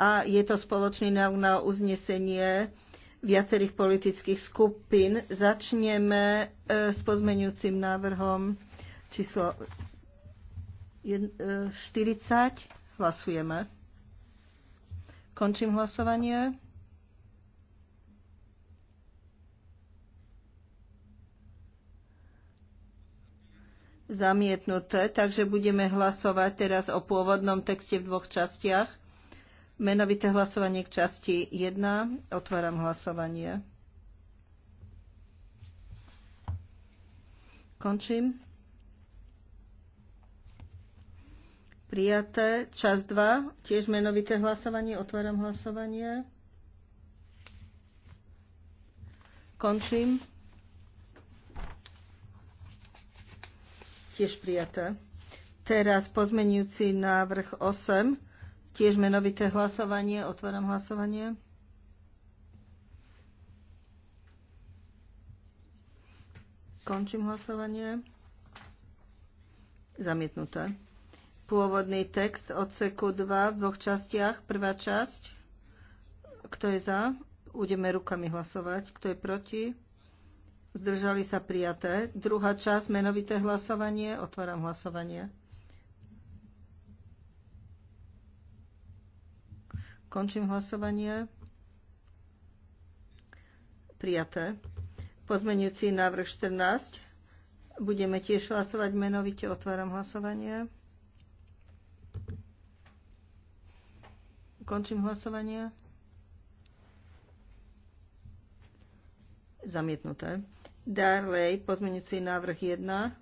a je to spoločný návrh na uznesenie viacerých politických skupín. Začneme e, s pozmeňujúcim návrhom číslo 40. E, Hlasujeme. Končím hlasovanie. zamietnuté, takže budeme hlasovať teraz o pôvodnom texte v dvoch častiach. Menovité hlasovanie k časti 1. Otváram hlasovanie. Končím. Prijaté. Čas 2. Tiež menovité hlasovanie. Otváram hlasovanie. Končím. tiež prijaté. Teraz pozmenujúci návrh 8, tiež menovité hlasovanie, otváram hlasovanie. Končím hlasovanie. Zamietnuté. Pôvodný text odseku 2 v dvoch častiach. Prvá časť. Kto je za? Budeme rukami hlasovať. Kto je proti? Zdržali sa prijaté. Druhá časť, menovité hlasovanie. Otváram hlasovanie. Končím hlasovanie. Prijaté. Pozmenujúci návrh 14. Budeme tiež hlasovať menovite. Otváram hlasovanie. Končím hlasovanie. Zamietnuté. Darley, pozmeňujúci návrh 1.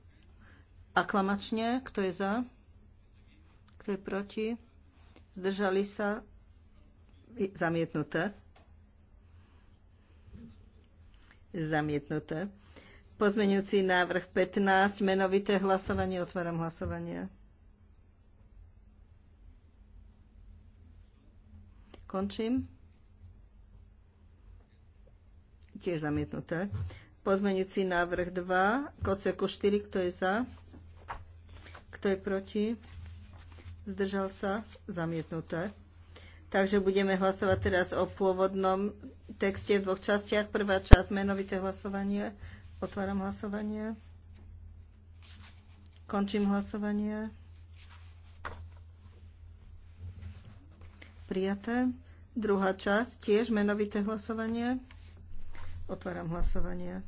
Aklamačne, kto je za? Kto je proti? Zdržali sa? Zamietnuté. Zamietnuté. Pozmeňujúci návrh 15, menovité hlasovanie, otváram hlasovanie. Končím. Tiež zamietnuté. Pozmeňujúci návrh 2 k odseku 4. Kto je za? Kto je proti? Zdržal sa? Zamietnuté. Takže budeme hlasovať teraz o pôvodnom texte v dvoch častiach. Prvá časť, menovité hlasovanie. Otváram hlasovanie. Končím hlasovanie. Prijaté. Druhá časť, tiež menovité hlasovanie. Otváram hlasovanie.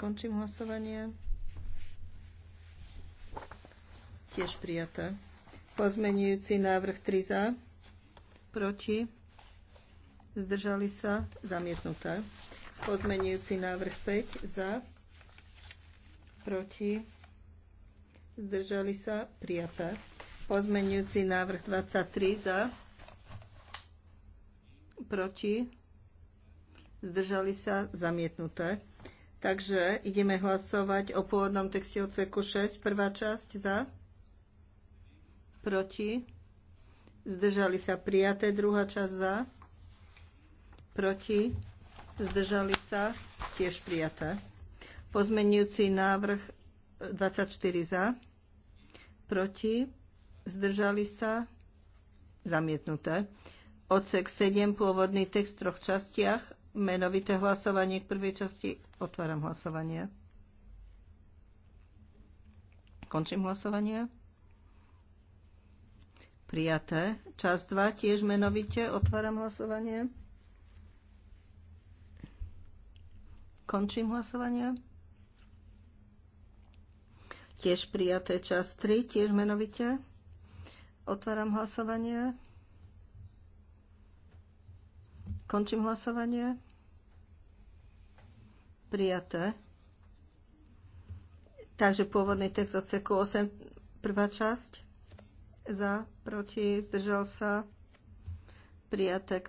Končím hlasovanie. Tiež prijaté. Pozmenujúci návrh 3 za. Proti. Zdržali sa. Zamietnuté. Pozmenujúci návrh 5 za. Proti. Zdržali sa. Prijaté. Pozmenujúci návrh 23 za. Proti. Zdržali sa. Zamietnuté. Takže ideme hlasovať o pôvodnom texte odseku 6, prvá časť za, proti, zdržali sa prijaté, druhá časť za, proti, zdržali sa tiež prijaté. Pozmenujúci návrh 24 za, proti, zdržali sa, zamietnuté. Odsek 7, pôvodný text v troch častiach, menovité hlasovanie k prvej časti. Otváram hlasovanie. Končím hlasovanie. Prijaté. Čas 2 tiež menovite. Otváram hlasovanie. Končím hlasovanie. Tiež prijaté čas 3, tiež menovite. Otváram hlasovanie. Končím hlasovanie. Prijaté. Takže pôvodný text cq 8, prvá časť. Za, proti, zdržal sa. Prijaté.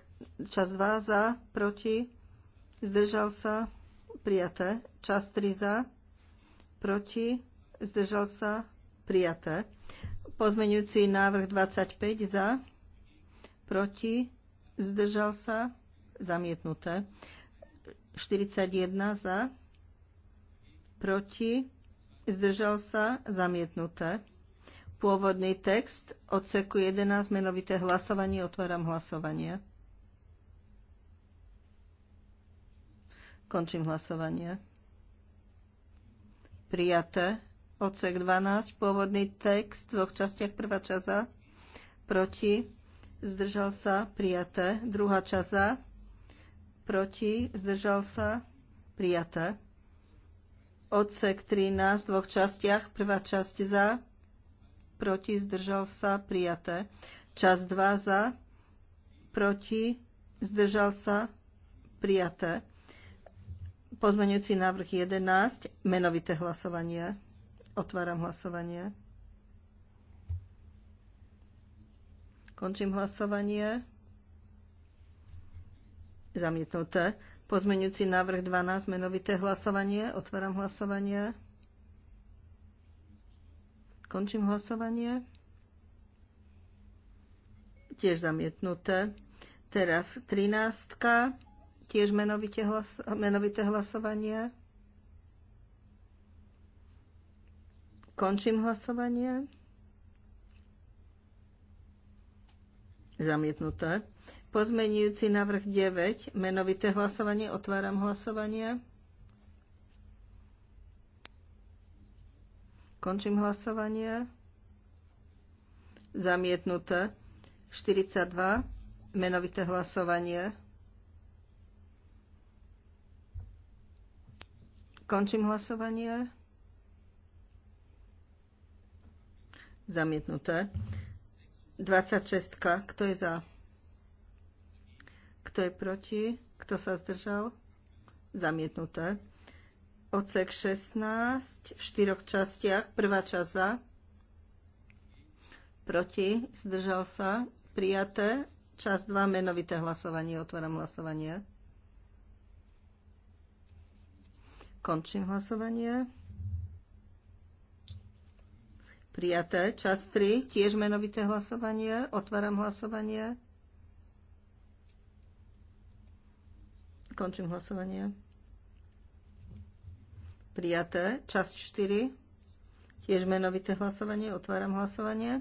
Čas 2 za, proti, zdržal sa. Prijaté. Čas 3 za, proti, zdržal sa. Prijaté. Pozmeňujúci návrh 25 za, proti, zdržal sa zamietnuté. 41 za, proti, zdržal sa, zamietnuté. Pôvodný text, odseku 11, menovité hlasovanie, otváram hlasovanie. Končím hlasovanie. Prijaté. Odsek 12, pôvodný text v dvoch častiach, prvá časa. proti, zdržal sa, prijaté, druhá časa proti, zdržal sa, prijaté. Odsek 13 v dvoch častiach, prvá časť za, proti, zdržal sa, prijaté. Čas 2 za, proti, zdržal sa, prijaté. Pozmeňujúci návrh 11, menovité hlasovanie. Otváram hlasovanie. Končím hlasovanie. Zamietnuté. Pozmeňujúci návrh 12, menovité hlasovanie. Otváram hlasovanie. Končím hlasovanie. Tiež zamietnuté. Teraz 13. Tiež menovité, hlas, menovité hlasovanie. Končím hlasovanie. Zamietnuté. Pozmenujúci návrh 9, menovité hlasovanie, otváram hlasovanie. Končím hlasovanie. Zamietnuté. 42, menovité hlasovanie. Končím hlasovanie. Zamietnuté. 26. Kto je za? Kto je proti? Kto sa zdržal? Zamietnuté. Odsek 16 v štyroch častiach. Prvá časť za. Proti. Zdržal sa. Prijaté. Čas 2. Menovité hlasovanie. Otváram hlasovanie. Končím hlasovanie. Prijaté. Čas 3. Tiež menovité hlasovanie. Otváram hlasovanie. Končím hlasovanie. Prijaté. Časť 4. Tiež menovité hlasovanie. Otváram hlasovanie.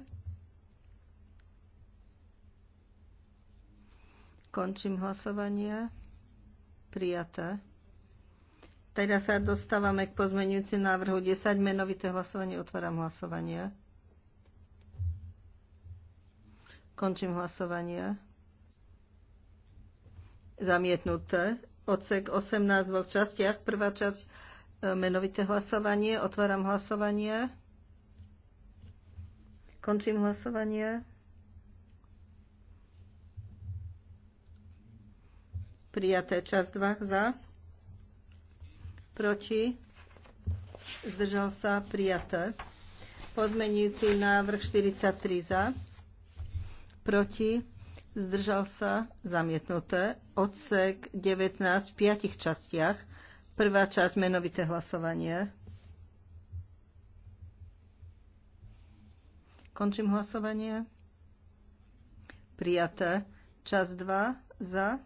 Končím hlasovanie. Prijaté. Teraz sa dostávame k pozmeňujúci návrhu 10. Menovité hlasovanie. Otváram hlasovanie. Končím hlasovanie. Zamietnuté odsek 18 v častiach. Prvá časť e, menovité hlasovanie. Otváram hlasovanie. Končím hlasovanie. Prijaté časť 2 za. Proti. Zdržal sa. Prijaté. Pozmenujúci návrh 43 za. Proti zdržal sa, zamietnuté. Odsek 19 v piatich častiach. Prvá časť menovité hlasovanie. Končím hlasovanie. Prijaté. Čas 2 za.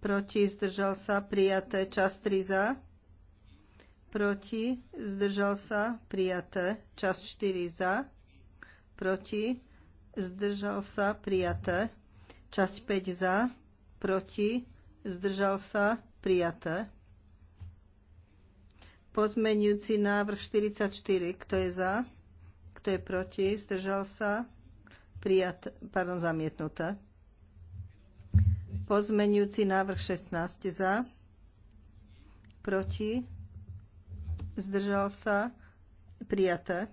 Proti zdržal sa. Prijaté. Čas 3 za. Proti zdržal sa. Prijaté. Čas 4 za. Proti zdržal sa, prijaté. Časť 5 za, proti, zdržal sa, prijaté. Pozmenujúci návrh 44, kto je za, kto je proti, zdržal sa, prijat, pardon, zamietnuté. Pozmenujúci návrh 16 za, proti, zdržal sa, prijaté.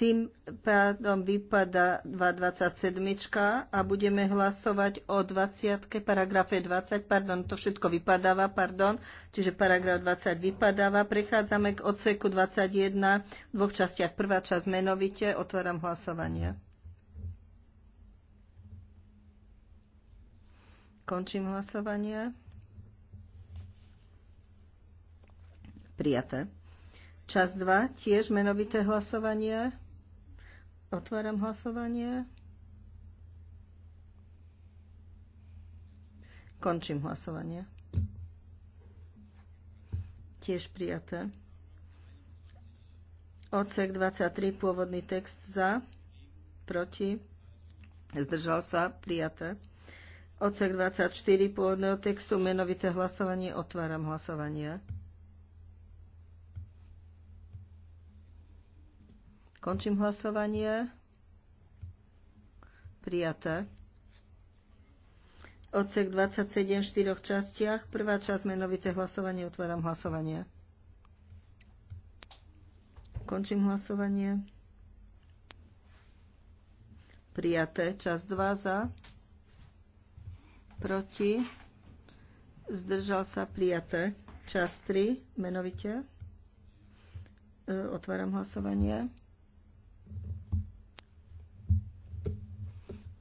Tým pádom vypadá 227 a budeme hlasovať o 20, paragrafe 20, pardon, to všetko vypadáva, pardon, čiže paragraf 20 vypadáva. Prechádzame k odseku 21 v dvoch častiach. Prvá časť menovite, otváram hlasovanie. Končím hlasovanie. Prijaté. Čas 2, tiež menovité hlasovanie. Otváram hlasovanie. Končím hlasovanie. Tiež prijaté. Odsek 23, pôvodný text za, proti, zdržal sa, prijaté. Odsek 24 pôvodného textu, menovité hlasovanie, otváram hlasovanie. Končím hlasovanie. Prijaté. Odsek 27 v štyroch častiach. Prvá časť menovité hlasovanie. Otváram hlasovanie. Končím hlasovanie. Prijaté. Čas 2 za. Proti. Zdržal sa. Prijaté. Čas 3. Menovite. E, otváram hlasovanie.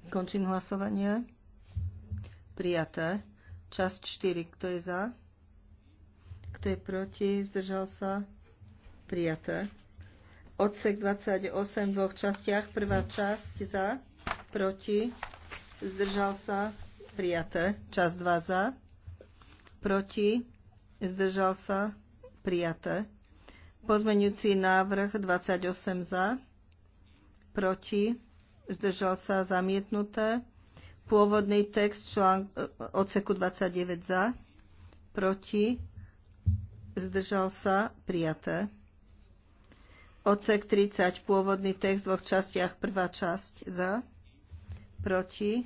Končím hlasovanie. Prijaté. Časť 4. Kto je za? Kto je proti? Zdržal sa? Prijaté. Odsek 28 v dvoch častiach. Prvá časť za, proti, zdržal sa, prijaté. Časť 2 za, proti, zdržal sa, prijaté. Pozmeňujúci návrh 28 za, proti, zdržal sa zamietnuté. Pôvodný text člán, odseku 29 za, proti, zdržal sa prijaté. Odsek 30, pôvodný text v dvoch častiach, prvá časť za, proti,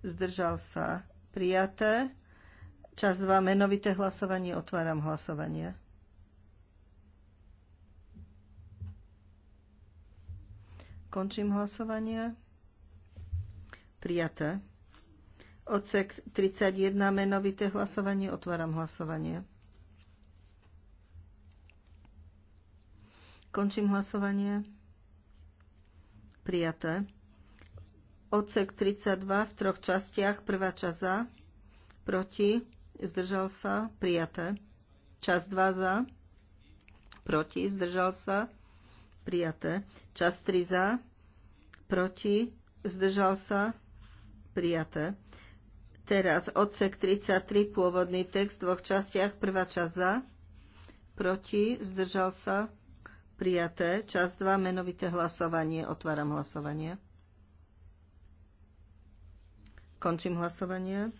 zdržal sa prijaté. Čas 2, menovité hlasovanie, otváram hlasovanie. Končím hlasovanie. Prijaté. Odsek 31 menovité hlasovanie. Otváram hlasovanie. Končím hlasovanie. Prijaté. Odsek 32 v troch častiach. Prvá časť za, proti, zdržal sa, prijaté. Časť 2 za, proti, zdržal sa, prijaté. Čas 3 za, proti, zdržal sa, prijaté. Teraz odsek 33, pôvodný text v dvoch častiach. Prvá časť za, proti, zdržal sa, prijaté. Čas 2, menovité hlasovanie. Otváram hlasovanie. Končím hlasovanie.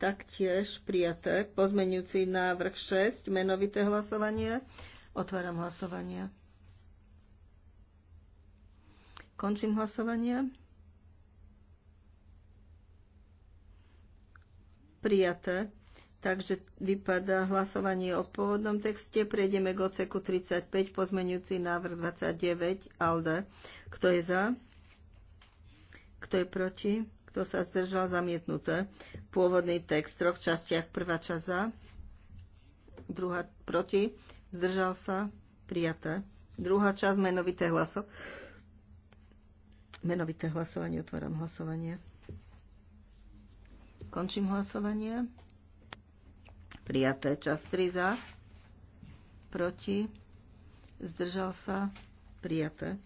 Taktiež prijaté pozmenujúci návrh 6, menovité hlasovanie. Otváram hlasovanie. Končím hlasovanie. Prijaté. Takže vypadá hlasovanie o pôvodnom texte. Prejdeme k oceku 35, pozmenujúci návrh 29, ALDE. Kto je za? Kto je proti? Kto sa zdržal? Zamietnuté. Pôvodný text v troch častiach. Prvá časť za, druhá proti zdržal sa, prijaté. Druhá časť, menovité hlaso. Menovité hlasovanie, otváram hlasovanie. Končím hlasovanie. Prijaté čas 3 za, proti, zdržal sa, prijaté.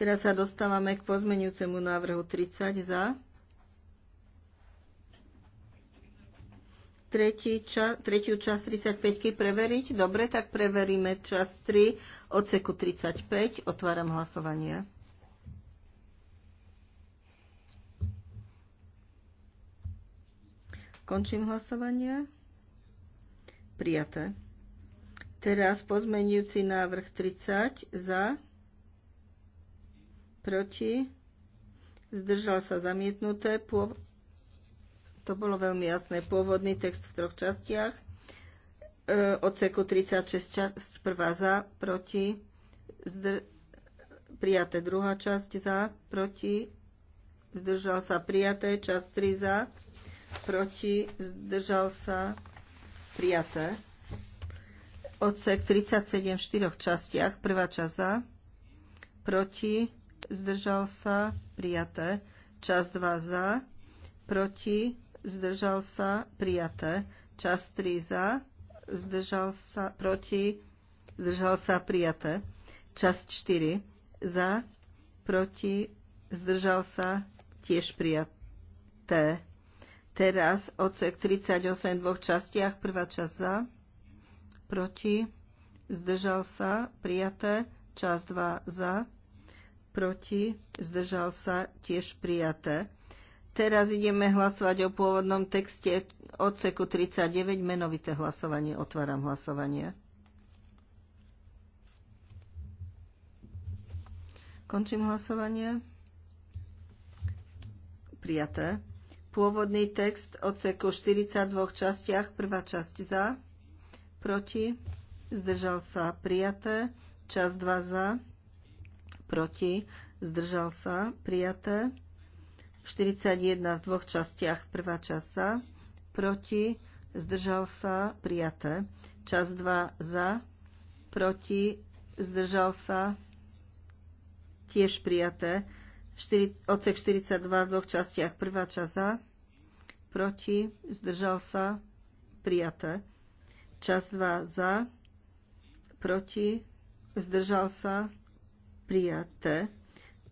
Teraz sa dostávame k pozmenujúcemu návrhu 30 za, tretí ča, tretiu časť 35 preveriť? Dobre, tak preveríme čas 3 odseku 35. Otváram hlasovanie. Končím hlasovanie. Prijaté. Teraz pozmenujúci návrh 30 za, proti, zdržal sa zamietnuté, to bolo veľmi jasné. Pôvodný text v troch častiach. E, odseku 36 časť, prvá za, proti, zdr- prijaté druhá časť za, proti, zdržal sa prijaté, časť 3 za, proti, zdržal sa prijaté. Odsek 37 v štyroch častiach, prvá časť za, proti, zdržal sa prijaté, časť 2 za, proti, zdržal sa, prijaté. Čas 3 za, zdržal sa, proti, zdržal sa, prijaté. Čas 4 za, proti, zdržal sa, tiež prijaté. Teraz odsek 38 v dvoch častiach. Prvá časť za, proti, zdržal sa, prijaté. čas 2 za, proti, zdržal sa, tiež prijaté. Teraz ideme hlasovať o pôvodnom texte odseku 39, menovité hlasovanie. Otváram hlasovanie. Končím hlasovanie. Prijaté. Pôvodný text odseku 42 častiach. Prvá časť za, proti, zdržal sa prijaté. Časť 2 za, proti, zdržal sa prijaté. 41 v dvoch častiach. Prvá časť proti, zdržal sa, prijaté. Čas 2 za, proti, zdržal sa, tiež prijaté. 4, odsek 42 v dvoch častiach. Prvá časť za, proti, zdržal sa, prijaté. Čas 2 za, proti, zdržal sa, prijaté.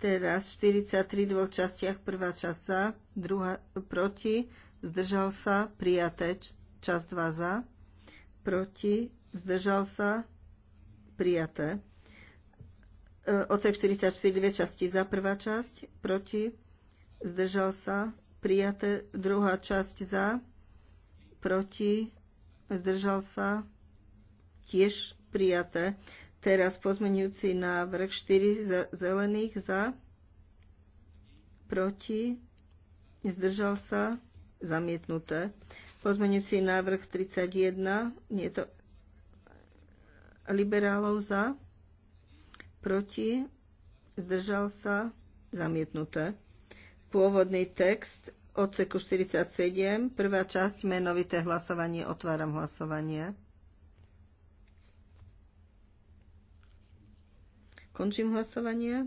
Teraz 43 dvoch častiach, prvá časť za, druhá proti, zdržal sa, prijaté, časť 2 za, proti, zdržal sa, prijaté. E, Ocek 44, dve časti za, prvá časť, proti, zdržal sa, prijaté, druhá časť za, proti, zdržal sa, tiež prijaté. Teraz pozmenujúci návrh 4 zelených za, proti, zdržal sa, zamietnuté. Pozmenujúci návrh 31, nie to liberálov za, proti, zdržal sa, zamietnuté. Pôvodný text odseku 47, prvá časť, menovité hlasovanie, otváram hlasovanie. Končím hlasovanie.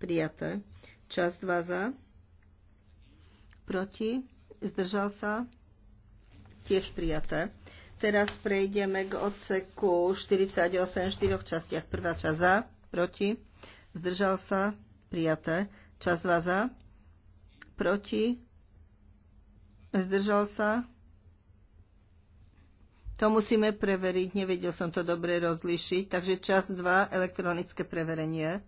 Prijaté. Čas 2 za. Proti. Zdržal sa. Tiež prijaté. Teraz prejdeme k odseku 48 v štyroch častiach. Prvá časť za. Proti. Zdržal sa. Prijaté. Čas 2 za. Proti. Zdržal sa. To musíme preveriť, nevedel som to dobre rozlišiť. Takže čas 2, elektronické preverenie.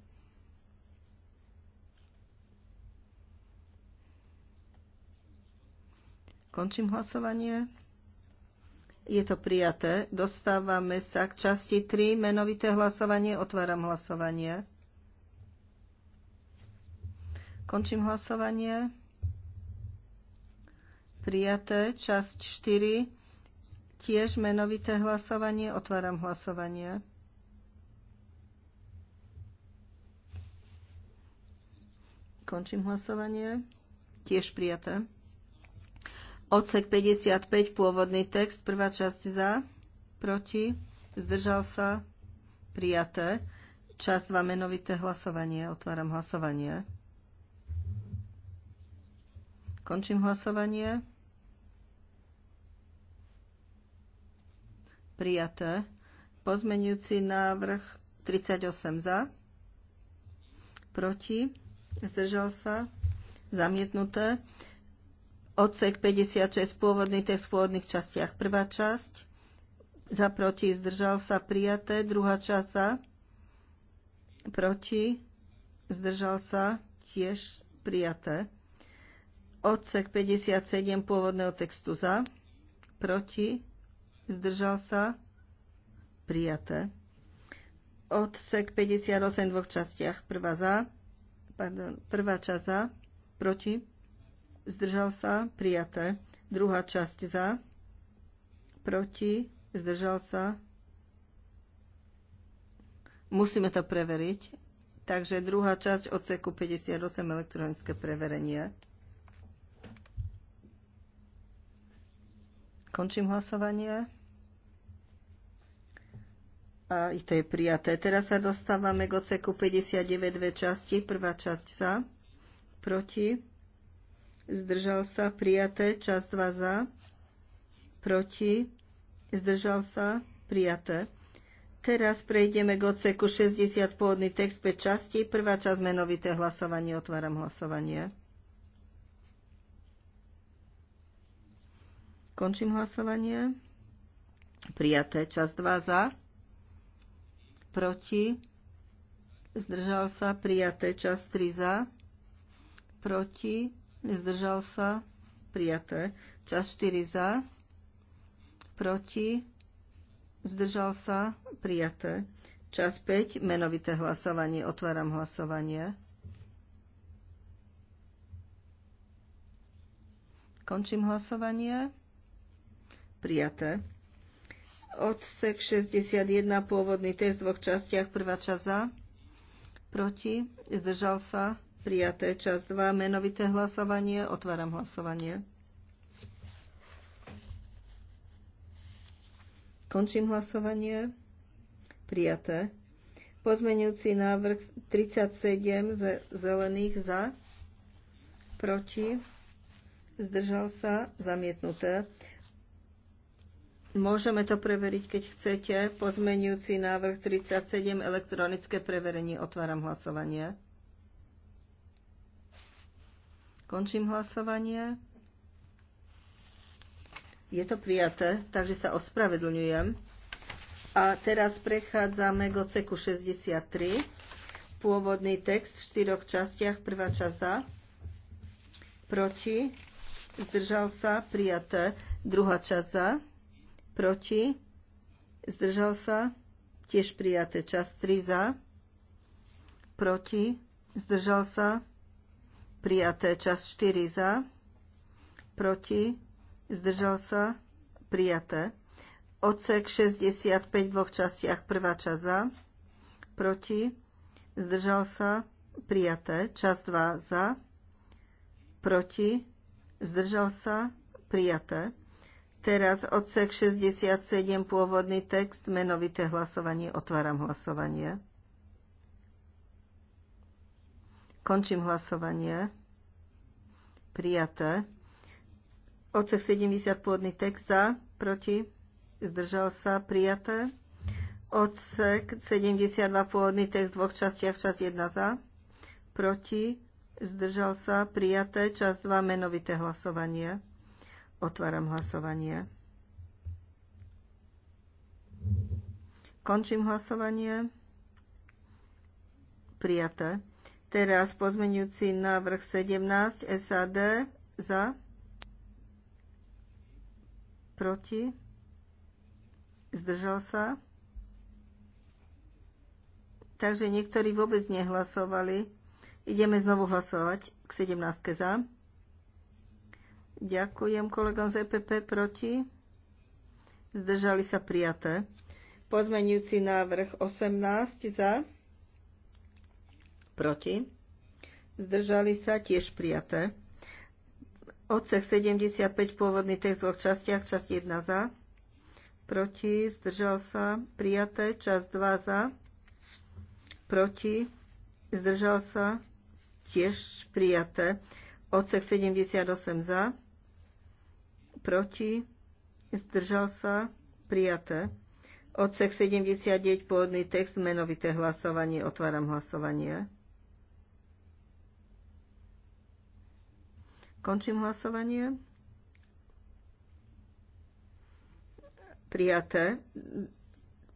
Končím hlasovanie. Je to prijaté. Dostávame sa k časti 3, menovité hlasovanie. Otváram hlasovanie. Končím hlasovanie. Prijaté. Časť 4 Tiež menovité hlasovanie. Otváram hlasovanie. Končím hlasovanie. Tiež prijaté. Odsek 55, pôvodný text, prvá časť za, proti, zdržal sa, prijaté. Časť 2, menovité hlasovanie. Otváram hlasovanie. Končím hlasovanie. prijaté. Pozmenujúci návrh 38 za, proti, zdržal sa, zamietnuté. Odsek 56, pôvodný text v pôvodných častiach. Prvá časť, za, proti, zdržal sa, prijaté. Druhá časť za, proti, zdržal sa, tiež prijaté. Odsek 57 pôvodného textu za, proti, zdržal sa, prijaté. Odsek 58 v dvoch častiach. Prvá za, pardon, prvá časť za, proti, zdržal sa, prijaté. Druhá časť za, proti, zdržal sa. Musíme to preveriť. Takže druhá časť odseku 58 elektronické preverenie. Končím hlasovanie. A to je prijaté. Teraz sa dostávame k oceku 59 dve časti. Prvá časť za, proti, zdržal sa, prijaté. Časť 2 za, proti, zdržal sa, prijaté. Teraz prejdeme k oceku 60 pôvodný text 5 časti. Prvá časť menovité hlasovanie. Otváram hlasovanie. Končím hlasovanie. Prijaté. Čas 2 za. Proti. Zdržal sa. Prijaté. Čas 3 za. Proti. Zdržal sa. Prijaté. Čas 4 za. Proti. Zdržal sa. Prijaté. Čas 5. Menovité hlasovanie. Otváram hlasovanie. Končím hlasovanie. Prijaté. Odsek 61, pôvodný test v dvoch častiach. Prvá časť za. Proti. Zdržal sa. Prijaté. Časť 2. Menovité hlasovanie. Otváram hlasovanie. Končím hlasovanie. Prijaté. Pozmeňujúci návrh 37 zelených za. Proti. Zdržal sa. Zamietnuté. Môžeme to preveriť, keď chcete. Pozmenujúci návrh 37, elektronické preverenie. Otváram hlasovanie. Končím hlasovanie. Je to prijaté, takže sa ospravedlňujem. A teraz prechádzame k oceku 63. Pôvodný text v štyroch častiach. Prvá časť za, proti, zdržal sa, prijaté. Druhá časť za, proti, zdržal sa, tiež prijaté. Čas 3 za, proti, zdržal sa, prijaté. Čas 4 za, proti, zdržal sa, prijaté. Odsek 65 v dvoch častiach, prvá časť za, proti, zdržal sa, prijaté. Čas 2 za, proti, zdržal sa, prijaté. Teraz odsek 67, pôvodný text, menovité hlasovanie. Otváram hlasovanie. Končím hlasovanie. Prijaté. Odsek 70, pôvodný text za, proti, zdržal sa, prijaté. Odsek 72, pôvodný text v dvoch častiach, čas 1 za, proti, zdržal sa, prijaté, čas 2, menovité hlasovanie. Otváram hlasovanie. Končím hlasovanie. Prijaté. Teraz pozmeňujúci návrh 17 SAD za. Proti. Zdržal sa. Takže niektorí vôbec nehlasovali. Ideme znovu hlasovať k 17 za. Ďakujem kolegom z EPP proti. Zdržali sa prijaté. Pozmenujúci návrh 18 za. Proti. Zdržali sa tiež prijaté. Odsek 75, pôvodný text v dvoch častiach, časť 1 za, proti, zdržal sa, prijaté, časť 2 za, proti, zdržal sa, tiež prijaté, odsek 78 za, proti, zdržal sa, prijaté. Odsek 79, pôvodný text, menovité hlasovanie, otváram hlasovanie. Končím hlasovanie. Prijaté.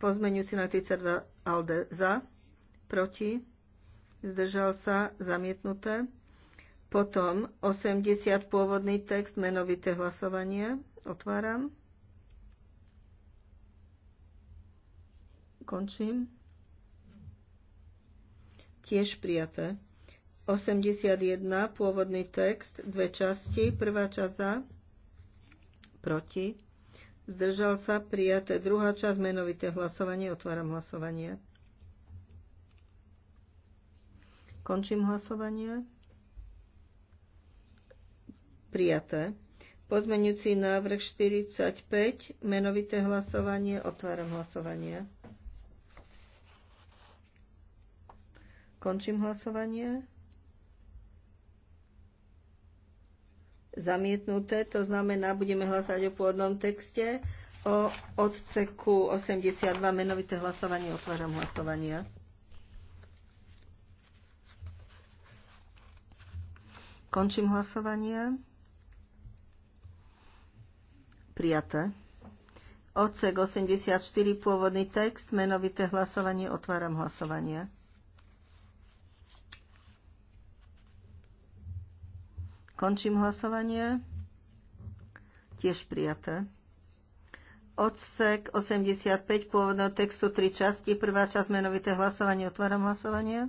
Pozmeňujúci na 32 Alde za, proti, zdržal sa, zamietnuté. Potom 80 pôvodný text, menovité hlasovanie. Otváram. Končím. Tiež prijaté. 81 pôvodný text, dve časti. Prvá časť za, proti. Zdržal sa, prijaté. Druhá časť, menovité hlasovanie. Otváram hlasovanie. Končím hlasovanie prijaté. Pozmeňujúci návrh 45, menovité hlasovanie, otváram hlasovanie. Končím hlasovanie. Zamietnuté, to znamená, budeme hlasovať o pôvodnom texte. O odseku 82, menovité hlasovanie, otváram hlasovanie. Končím hlasovanie. Prijaté. Odsek 84, pôvodný text, menovité hlasovanie, otváram hlasovanie. Končím hlasovanie. Tiež prijaté. Odsek 85 pôvodného textu, tri časti. Prvá časť menovité hlasovanie. Otváram hlasovanie.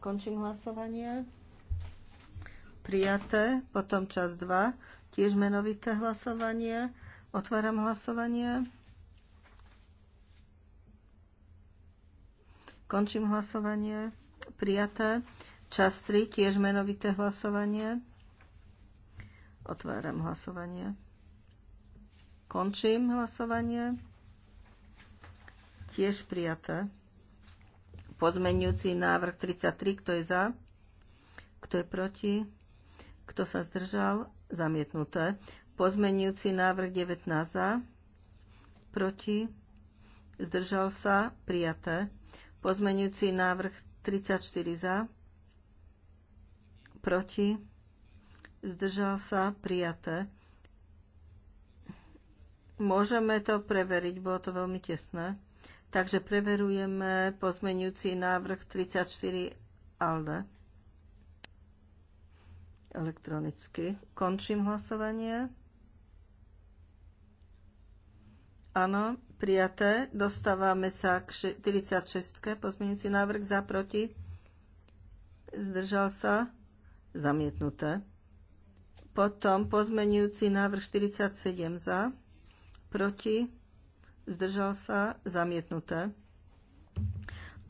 Končím hlasovanie prijaté, potom čas 2, tiež menovité hlasovanie. Otváram hlasovanie. Končím hlasovanie. Prijaté. Čas 3, tiež menovité hlasovanie. Otváram hlasovanie. Končím hlasovanie. Tiež prijaté. Pozmenujúci návrh 33, kto je za? Kto je proti? Kto sa zdržal? Zamietnuté. Pozmenujúci návrh 19 za. Proti. Zdržal sa? Prijaté. Pozmenujúci návrh 34 za. Proti. Zdržal sa? Prijaté. Môžeme to preveriť, bolo to veľmi tesné. Takže preverujeme pozmenujúci návrh 34 ALDE elektronicky. Končím hlasovanie. Áno, prijaté. Dostávame sa k 46. Pozmeňujúci návrh za proti. Zdržal sa. Zamietnuté. Potom pozmeňujúci návrh 47 za. Proti. Zdržal sa. Zamietnuté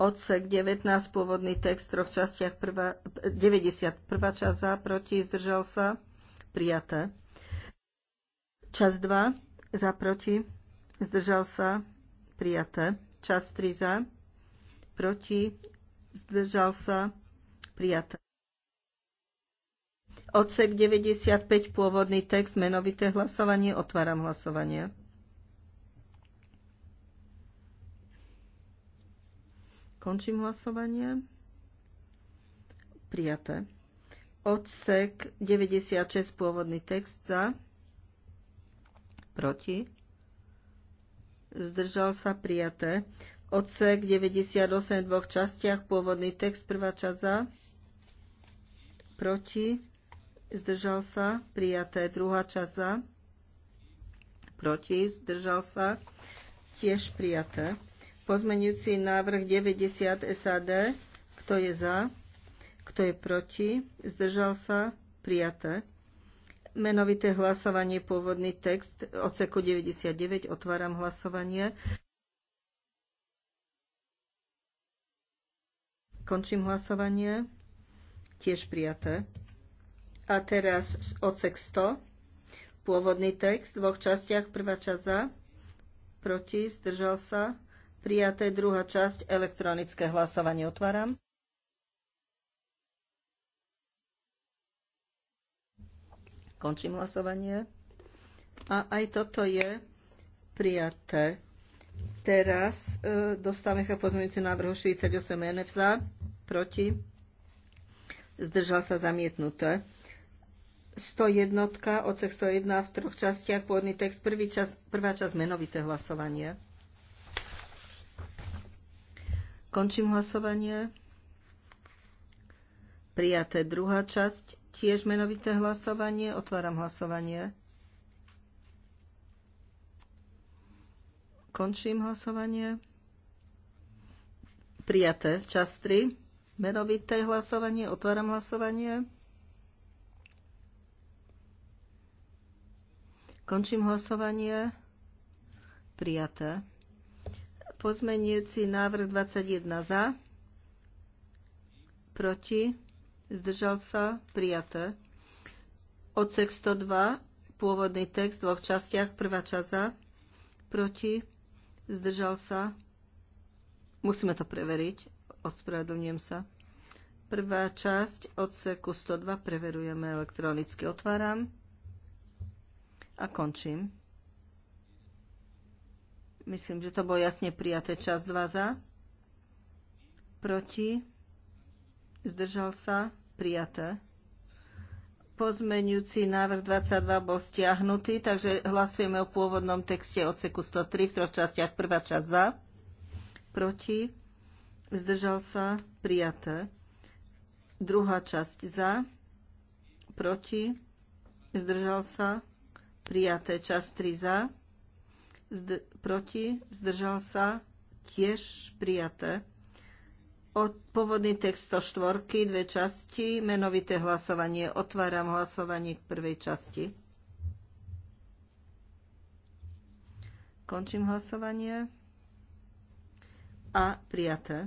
odsek 19, pôvodný text v troch častiach, prvá, 90, prvá časť za, proti, zdržal sa, prijaté. Čas 2, za, proti, zdržal sa, prijaté. Čas 3 za, proti, zdržal sa, prijaté. Odsek 95, pôvodný text, menovité hlasovanie, otváram hlasovanie. Končím hlasovanie. Prijaté. Odsek 96, pôvodný text za. Proti. Zdržal sa prijaté. Odsek 98 v dvoch častiach, pôvodný text, prvá časť za. Proti. Zdržal sa prijaté. Druhá časť za. Proti. Zdržal sa tiež prijaté. Pozmenujúci návrh 90 SAD. Kto je za? Kto je proti? Zdržal sa? Prijaté. Menovité hlasovanie, pôvodný text, oceku 99, otváram hlasovanie. Končím hlasovanie. Tiež prijaté. A teraz ocek 100. Pôvodný text v dvoch častiach. Prvá časť za, proti, zdržal sa, Prijaté druhá časť, elektronické hlasovanie otváram. Končím hlasovanie. A aj toto je prijaté. Teraz e, dostávame sa pozmeňujúci návrhu 68 NF za, proti. Zdržal sa zamietnuté. 101, odsek 101 v troch častiach, pôvodný text, prvý čas, prvá časť menovité hlasovanie. Končím hlasovanie. Prijaté druhá časť, tiež menovité hlasovanie. Otváram hlasovanie. Končím hlasovanie. Prijaté. Čas 3. Menovité hlasovanie. Otváram hlasovanie. Končím hlasovanie. Prijaté. Pozmenujúci návrh 21 za, proti, zdržal sa, prijaté. Odsek 102, pôvodný text v dvoch častiach, prvá časť za, proti, zdržal sa. Musíme to preveriť, ospravedlňujem sa. Prvá časť odseku 102 preverujeme elektronicky. Otváram a končím. Myslím, že to bolo jasne prijaté. Čas 2 za. Proti. Zdržal sa. Prijaté. Pozmenujúci návrh 22 bol stiahnutý, takže hlasujeme o pôvodnom texte odseku 103 v troch častiach. Prvá časť za. Proti. Zdržal sa. Prijaté. Druhá časť za. Proti. Zdržal sa. Prijaté. Časť 3 za zd- proti, zdržal sa, tiež prijaté. Od pôvodný text 104, dve časti, menovité hlasovanie. Otváram hlasovanie k prvej časti. Končím hlasovanie. A prijaté.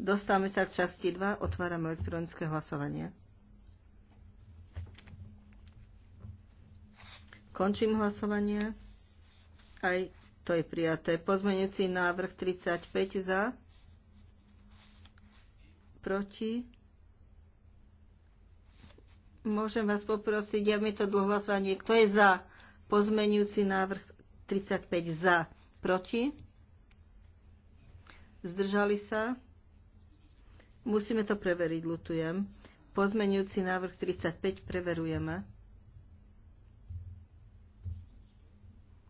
Dostávame sa k časti 2. Otváram elektronické hlasovanie. Končím hlasovanie. Aj to je prijaté. Pozmenujúci návrh 35 za. Proti. Môžem vás poprosiť, ja mi to dlhlasovanie. Kto je za? Pozmenujúci návrh 35 za. Proti. Zdržali sa. Musíme to preveriť, lutujem. Pozmenujúci návrh 35 preverujeme.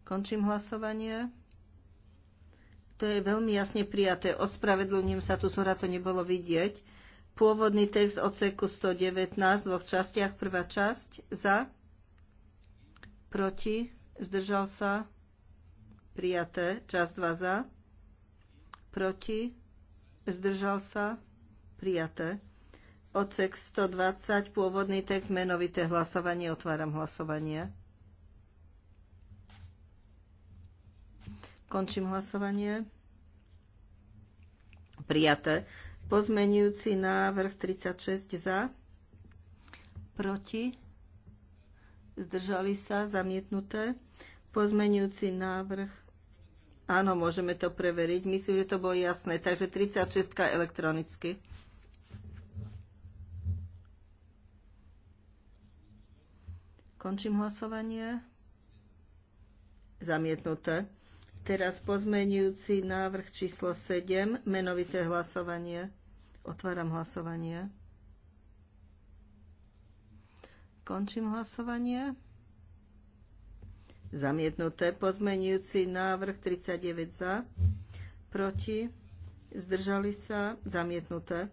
Končím hlasovanie. To je veľmi jasne prijaté. Ospravedlňujem sa, tu zhora to nebolo vidieť. Pôvodný text odseku 119 v dvoch častiach. Prvá časť za, proti, zdržal sa, prijaté. Časť 2 za, proti, zdržal sa, prijaté. Odsek 120, pôvodný text, menovité hlasovanie, otváram hlasovanie. Končím hlasovanie. Prijaté. Pozmenujúci návrh 36 za. Proti. Zdržali sa. Zamietnuté. Pozmenujúci návrh. Áno, môžeme to preveriť. Myslím, že to bolo jasné. Takže 36 elektronicky. Končím hlasovanie. Zamietnuté. Teraz pozmenujúci návrh číslo 7, menovité hlasovanie. Otváram hlasovanie. Končím hlasovanie. Zamietnuté pozmenujúci návrh 39 za, proti, zdržali sa, zamietnuté.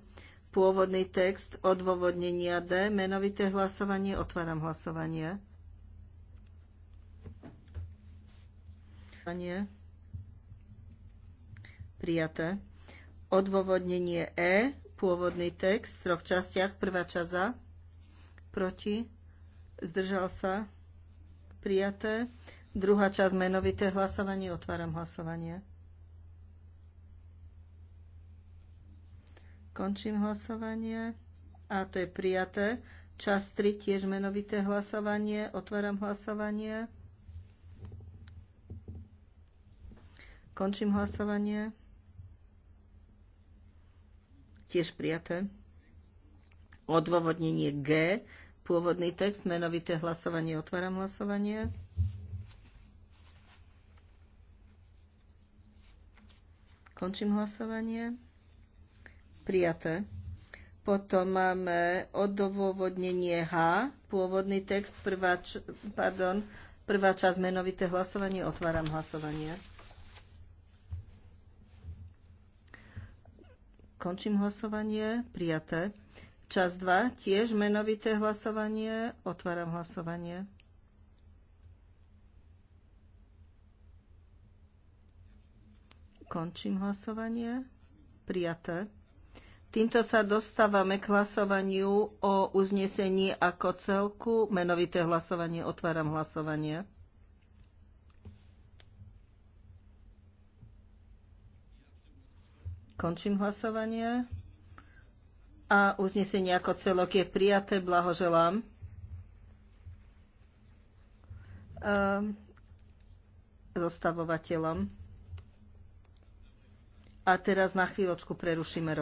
Pôvodný text odôvodnenia D, menovité hlasovanie, otváram hlasovanie. Hlasovanie prijaté. Odôvodnenie E, pôvodný text v troch častiach, prvá časť za, proti, zdržal sa, prijaté. Druhá časť menovité hlasovanie, otváram hlasovanie. Končím hlasovanie a to je prijaté. Čas 3 tiež menovité hlasovanie. Otváram hlasovanie. Končím hlasovanie tiež prijaté. Odôvodnenie G, pôvodný text, menovité hlasovanie, otváram hlasovanie. Končím hlasovanie. Prijaté. Potom máme odôvodnenie H, pôvodný text, prvá, č- pardon, prvá časť menovité hlasovanie, otváram hlasovanie. Končím hlasovanie. Prijaté. Čas 2. Tiež menovité hlasovanie. Otváram hlasovanie. Končím hlasovanie. Prijaté. Týmto sa dostávame k hlasovaniu o uznesení ako celku. Menovité hlasovanie. Otváram hlasovanie. Končím hlasovanie. A uznesenie ako celok je prijaté. Blahoželám. Ehm, zostavovateľom. A teraz na chvíľočku prerušíme rok.